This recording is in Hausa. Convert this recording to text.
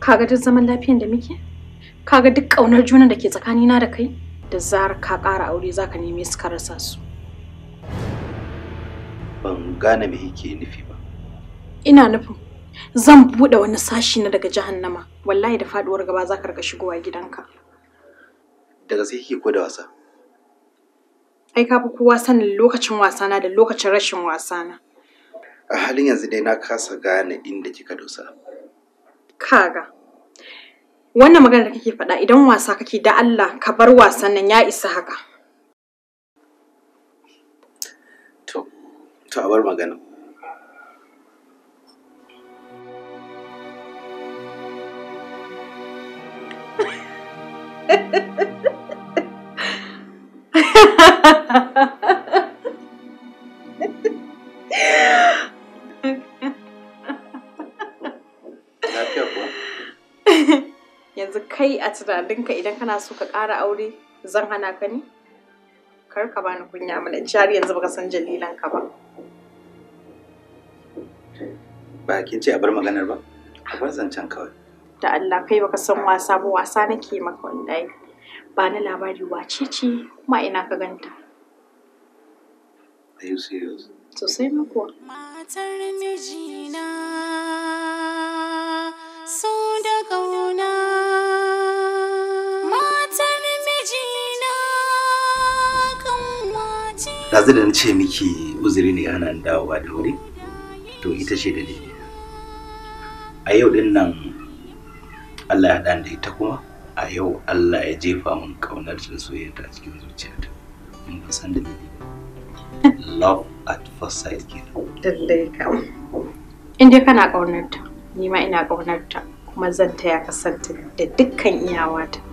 kaga duk zaman lafiyan da muke kaga duk ƙaunar juna da ke tsakanina da kai da zarar ka ƙara aure za ka neme su ka rasa su ban gane me yake nufi ba ina nufin zan buɗe wani sashi na daga jahannama wallahi da faɗuwar gaba za ka shigowa gidanka da gaske kike ko da wasa ai ka fi kowa sanin lokacin wasana da lokacin rashin wasa na. a halin yanzu dai na kasa gane inda kika dosa kaga wannan magana da kake faɗa idan wasa kake da Allah ka bar wasan nan ya isa haka to to bar magana ha ha ha yanzu kai a tunaninka idan kana so ka ƙara aure zan hana ka ne kar ka bani kunya mana in har yanzu baka san jalilan ka ba ba kin ce a bar maganar ba a bar zancen kawai da Allah kai baka san wasa ba wasa nake maka wallahi ba na labari wace ce kuma ina ka ganta Are you serious? Sosai makuwa. Matar mijina ɗazu da na ce miki uzuri ne ana dawowa da wuri to ita ce da dai. a yau din nan allah ya haɗa da ita kuma a yau allah ya jefa mun ƙaunar cin soyayya a cikin zuciyata in ba san da dai. love at first sight kenan lallai ka. in dai kana ƙaunarta ni ma ina ƙaunarta kuma zan taya santa da dukkan iyawata